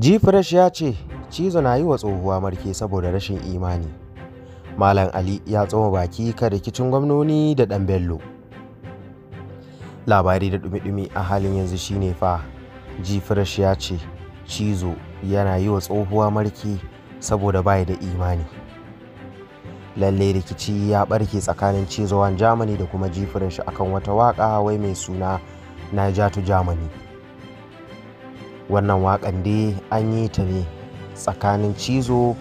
jifresh ya ce cizo na yi wa tsohuwa marke saboda rashin imani. Malam Ali ya tsoma baki kan rikicin gwamnoni da ɗan Bello. Labari da ɗumi-ɗumi a halin yanzu shine fa jifresh ya ce cizo yana yi wa tsohuwa marke saboda bai da imani. Lalle rikici ya ɓarke tsakanin cizo Germany da kuma jifresh akan wata waƙa wai mai suna ja to Germany. wannan waƙan dai an yi ta ne tsakanin cizo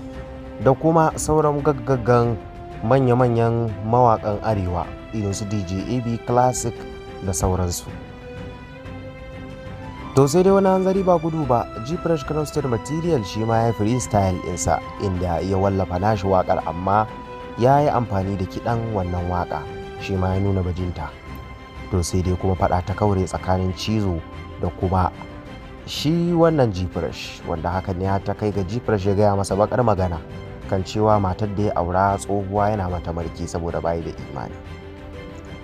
da kuma sauran gaggaggan manya-manyan mawakan arewa irin su dj ab classic da sauransu to sai dai wani hanzari ba gudu ba g fresh crusted material shi ma ya freestyle insa inda ya wallafa nashi wakar amma ya yi amfani da kiɗan wannan waka shi ma ya nuna bajinta to sai dai kuma faɗa ta kaure tsakanin cizo da kuma shi wannan jifresh wanda haka ne ta kai ga jifresh ya gaya masa bakar magana kan cewa matar da ya aura tsohuwa yana mata marki saboda bayi da imani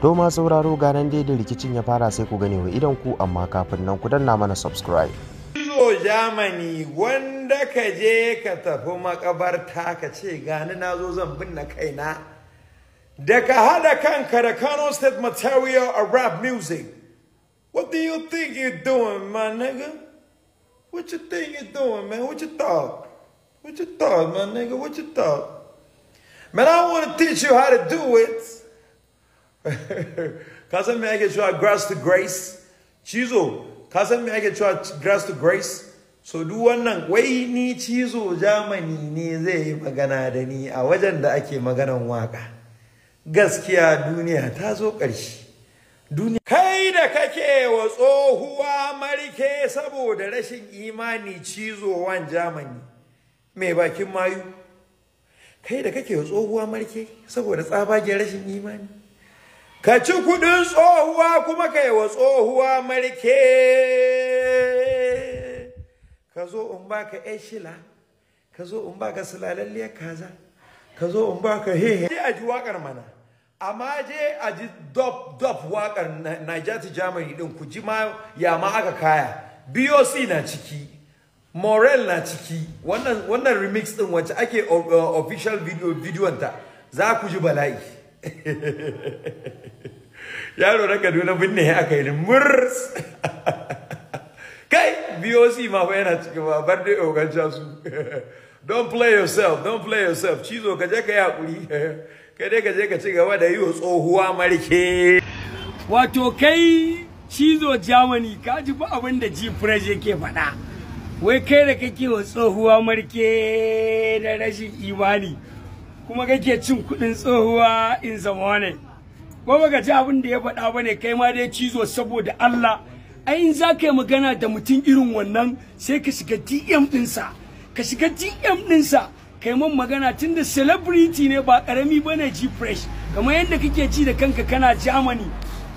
to ma sauraro ga nan dai da rikicin ya fara sai ku gane wa idan ku amma kafin nan ku danna mana subscribe zo Germany wanda ka je ka tafi makabarta ka ce gani na zo zan binne kaina da ka hada kanka da Kano State Material a rap music what do you think you're doing my nigga What you think you doing, man? What you thought? What you thought, my nigga? What you thought? Man, I want to teach you how to do it. I Casa mega a graça to grace. Chizo, casa mega a graça to grace. So one wannan wai ni cizo Germany ne ni yi magana da ni a wajen da ake maganan waka. Gaskiya dunia ta zo ƙarshe. wa tsohuwa marke saboda rashin imani cizowan Jamani mai bakin mayu kai da kake tsohuwa marke saboda tsabagen rashin imani ka ci kudin tsohuwa kuma kai wa tsohuwa marke ka zo in baka yan ka zo in baka sulalalliyar kaza ka zo in baka hehe a ji waƙar mana amma je a ji dof waƙar wakar Niger Germany din ku ji ma ya ma aka kaya BOC na ciki Morel na ciki wannan wannan remix din wacce ake official video video ta za ku ji bala'i yaro na Kaduna binne aka yi murs kai BOC ma yana cikin ba bar dai ogan su don't play yourself don't play yourself cizo ka je ka yi hakuri kai dai ka je ka ci gaba da yi wa tsohuwa marke wato kai cizo Germany ka ji ba abin da ji fresh yake faɗa wai kai da kake wa tsohuwa marke da rashin imani kuma kake cin kuɗin tsohuwa in zama ne ko baka ji abin da ya faɗa bane kai ma dai cizo saboda Allah ai in za ka yi magana da mutum irin wannan sai ka shiga dm ɗinsa ka shiga dm ɗinsa ka yi magana tun da celebrity ne ba ƙarami ba ne ji fresh kamar yadda kake ji da kanka kana germany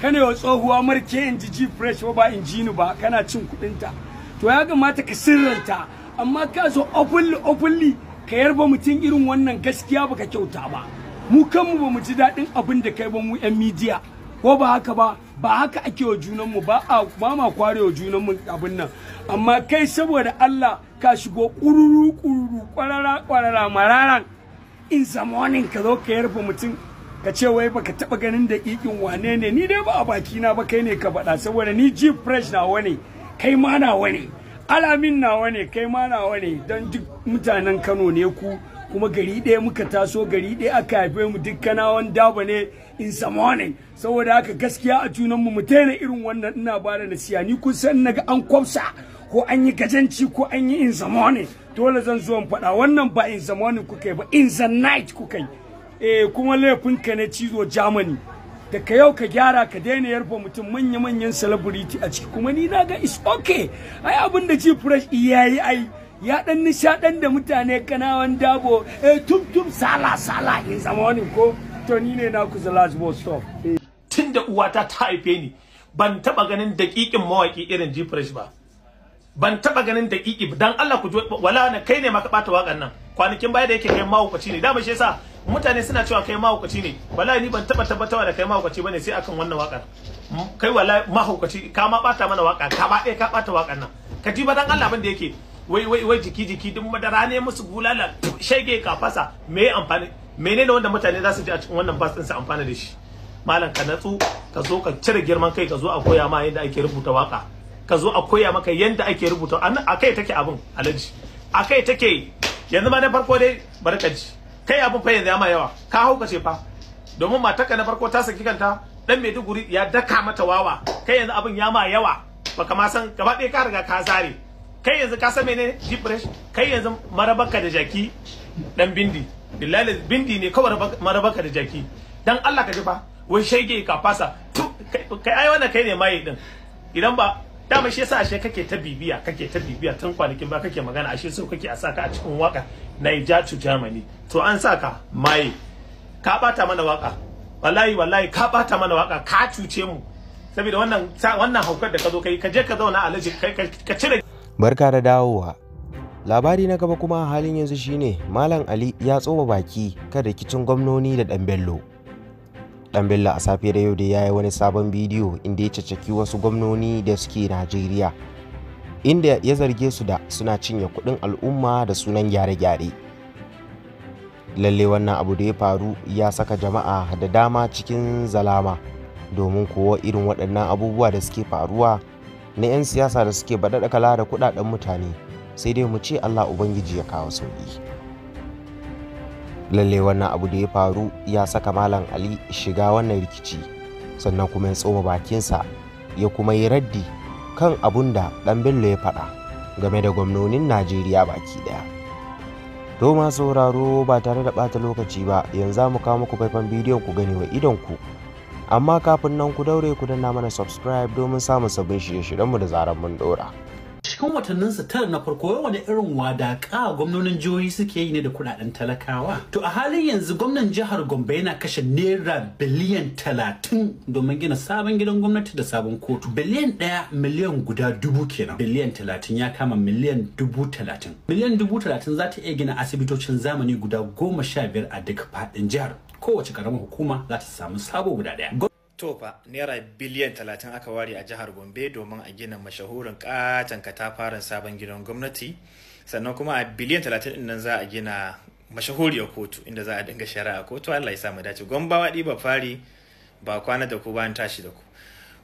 kana yi tsohuwa marke in ji ji fresh ba in ji ni ba kana cin kuɗinta to ya kamata ka sirranta amma ka zo openly openly ka yarba mutum irin wannan gaskiya baka kyauta ba mu kanmu ba mu ji daɗin abin da kai ba mu 'yan midiya ko ba haka ba ba haka ake wa junanmu ba a ba ma kware wa junanmu abin nan amma kai saboda Allah ka shigo kururu kururu kwarara kwarara mararan in zamanin ka zo ka yarfa mutum ka ce wai baka taba ganin da ikin wane ne ni dai ba a baki na ba kai ne ka bada saboda ni ji fresh na wani kai ma na wani alamin na wani kai ma na wani don duk mutanen Kano ne ku kuma gari ɗaya muka taso gari ɗaya aka haife mu dukkanawan daba ne in saboda haka gaskiya a tunan mu daina irin wannan ina ba da nasiya ni kun naga an kwamsa ko an yi gajanci ko an yi in dole zan zo in faɗa wannan ba in samonin kuka yi ba in the night kuka yi eh kuma ka ne cizo germany da ka yau ka gyara ka daina yarfa mutum manya-manyan celebrity a ciki kuma ni na ga is okay ai abin da ji fresh iyayi ai ya dan nishadan da mutane kanawan dabo eh tum tum sala sala in zama wani ko to ni ne na ku the last boss stop eh. tunda uwata ta haife ni ban taba ganin dakikin mawaki irin G Fresh ba ban taba ganin dakiki dan Allah ku wala na kai ne ma ka bata wakan nan kwanakin baya da yake kai mawukaci ne dama shi yasa mutane suna cewa kai mahaukaci ne wallahi ni ban taba tabbatawa da kai mahaukaci bane sai akan wannan wakar hmm, kai wallahi mahaukaci ka ma bata mana waka ka ba ka bata wakan nan ka ji ba dan Allah abin da yake wai wai wai jiki jiki duk madara ne musu bulala shege kafasa me amfani menene wanda mutane za su ji a cikin wannan bas din su amfana da shi malam ka natsu ka zo ka cire girman kai ka zo a koya ma yadda ake rubuta waka ka zo a koya maka yadda ake rubuta a kai take abin alaji a kai take yanzu ma na farko dai barkaji kai abin fa yanzu ya ma yawa ka hauka ce fa domin matarka na farko ta saki kanta dan Maiduguri ya daka mata wawa kai yanzu abin ya ma yawa baka ma san gaba ɗaya ka riga ka zare kai yanzu ka san menene jibrish kai yanzu marabaka da jaki dan bindi billahi bindi ne kawai marabaka da jaki dan Allah ka ji fa wai shege ka fasa kai ai wannan kai ne mai din idan ba dama shi yasa ashe kake ta bibiya kake ta bibiya tun kwanakin ba kake magana ashe so kake a saka a cikin waka Naija to Germany to an saka mai ka bata mana waka wallahi wallahi ka bata mana waka ka cuce mu saboda wannan wannan haukar da ka zo kai ka je ka zauna a lajin kai ka cire Barka da dawowa. Labari na gaba kuma a halin yanzu shine Malam Ali ya tsoma baki kan rikicin gwamnoni da ɗan Bello. Ɗan Bello a safiyar yau da ya yi wani sabon bidiyo inda ya caccaki wasu gwamnoni da suke Najeriya. Inda ya zarge su da suna cinye kuɗin al'umma da sunan gyare-gyare. Lalle wannan abu da ya faru ya saka jama'a da dama cikin zalama domin kowa irin waɗannan abubuwa da suke faruwa na 'yan siyasa da suke baɗaɗa kala da kuɗaɗen mutane sai dai mu ce Allah Ubangiji ya kawo sauƙi. Lalle wannan abu da ya faru ya saka Malam Ali shiga wannan rikici sannan kuma ya tsoma bakinsa ya kuma yi raddi kan abun da ɗan Bello ya faɗa game da gwamnonin Najeriya baki ɗaya. Doma sauraro ba tare da ɓata lokaci ba yanzu mu kawo muku faifan bidiyon ku gani wa idon ku amma kafin nan ku daure ku danna mana subscribe domin samun sabbin shirye-shiryenmu da zarar mun dora cikin watannin sa tara na farko wani irin wadaka gwamnonin jihohi suke yi ne da kuɗaɗen talakawa to a halin yanzu gwamnan jihar gombe yana kashe naira biliyan talatin domin gina sabon gidan gwamnati da sabon kotu biliyan ɗaya miliyan guda dubu kenan biliyan talatin ya kama miliyan dubu talatin miliyan dubu talatin za ta iya gina asibitocin zamani guda goma sha biyar a duk faɗin jihar kowace karamin hukuma za ta samu sabo guda ɗaya. tofa naira biliyan talatin aka ware a jihar gombe domin a gina mashahurin katon katafaren sabon gidan gwamnati sannan kuma a biliyan talatin din nan za a gina mashahuriyar kotu inda za a dinga shari'a kotu allah ya samu dace gombawa ɗiba fari ba kwana da ku bayan tashi da ku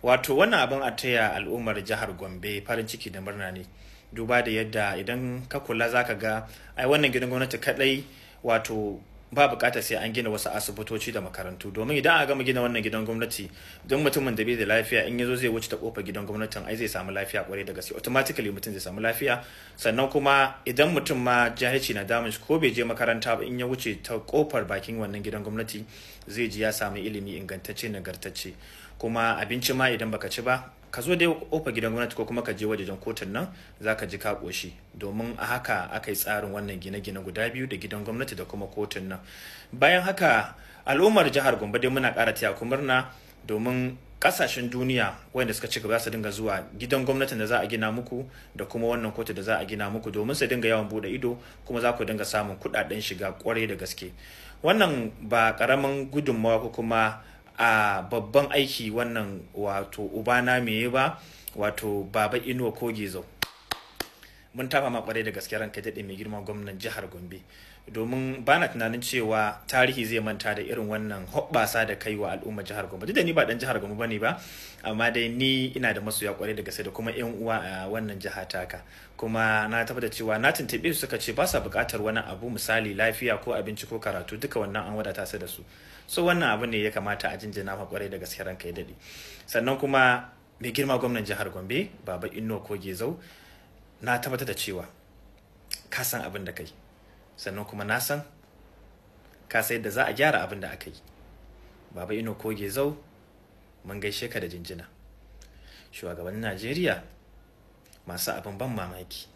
wato wannan abin a taya al'ummar jihar gombe farin ciki da murna ne duba da yadda idan ka kula za ka ga ai wannan gidan gwamnati kaɗai wato ba bukatar sai an gina wasu asibitoci da makarantu domin idan a gama gina wannan gidan gwamnati don mutumin da bai da lafiya in ya zo zai wuce ta kofar gidan gwamnatin ai zai samu lafiya kware da gaske automatically mutum zai samu lafiya sannan kuma idan mutum ma jahilci na damun shi ko bai je makaranta ba in ya wuce ta kofar bakin wannan gidan gwamnati zai ji ya samu ilimi ingantacce nagartacce kuma abinci ma idan baka ci ba ka zo dai ofa gidan gwamnati ko kuma ka je wajen kotun nan za ka ji ka koshi domin a haka aka yi tsarin wannan gine-gine guda biyu da gidan gwamnati da kuma kotun nan bayan haka al'ummar jihar gombe dai muna ƙara taya ku murna domin kasashen duniya wanda suka ci gaba su dinga zuwa gidan gwamnatin da za a gina muku da kuma wannan kotu da za a gina muku domin su dinga yawan bude ido kuma za ku dinga samun kudaden shiga kwarai da gaske wannan ba karamin gudunmawa ko kuma a babban aiki wannan wato ubana meye ba wato baba inuwa ko gizo mun tafa ma kwarai da gaske ranka daɗe mai girma gwamnan jihar gombe domin ba na tunanin cewa tarihi zai manta da irin wannan hoɓɓasa da kai wa al'umma jihar Gombe duk da ni ba dan jihar Gombe bane ba amma dai ni ina da masoya kwarai da gaske da kuma yan uwa a wannan jiha taka kuma na tabbata cewa na tuntube su suka ce ba sa buƙatar wani abu misali lafiya ko abinci ko karatu duka wannan an wadata su da su so wannan abu ne ya kamata a jinjina ma kwarai da gaske ranka ya dade sannan kuma mai girma gwamnan jihar Gombe Baba Inno Kogezau na tabbata da cewa ka san abin da kai sannan kuma na san ka sai da za a gyara abin da aka yi baba ino koge zau mun gaishe ka da jinjina shugabannin najeriya masu abin ban mamaki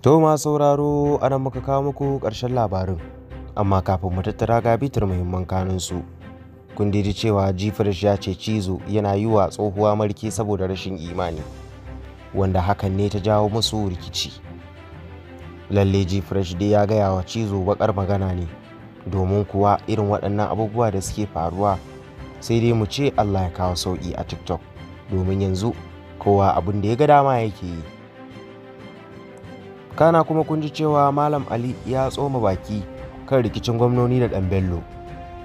to ma sauraro ana muka kawo muku ƙarshen labarin amma kafin mu tattara ga bitar muhimman kanunsu kun didi cewa jifirish ya ce cizo yana yi wa tsohuwa marki saboda rashin imani wanda hakan ne ta jawo musu rikici. lalle ji fresh dai ya gaya wa cizo bakar magana ne domin kuwa irin waɗannan abubuwa da suke faruwa sai dai mu ce allah ya kawo sauƙi a tiktok domin yanzu kowa abin da ya ga dama yake yi kana kuma kun ji cewa malam ali ya tsoma baki kan rikicin gwamnoni da ɗan bello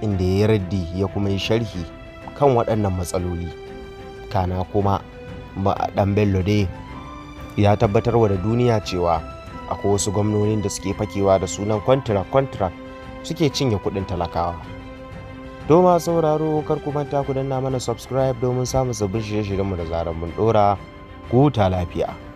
inda ya raddi ya kuma yi sharhi kan waɗannan matsaloli kana kuma ɗan bello dai ya tabbatarwa da duniya cewa akwai wasu gwamnonin da suke fakewa da sunan kwantira-kwantira suke cinye kudin talakawa doma sauraro kar ku manta ku danna mana subscribe domin samun sabbin shirye-shiryenmu da zarar mun dora ku ta lafiya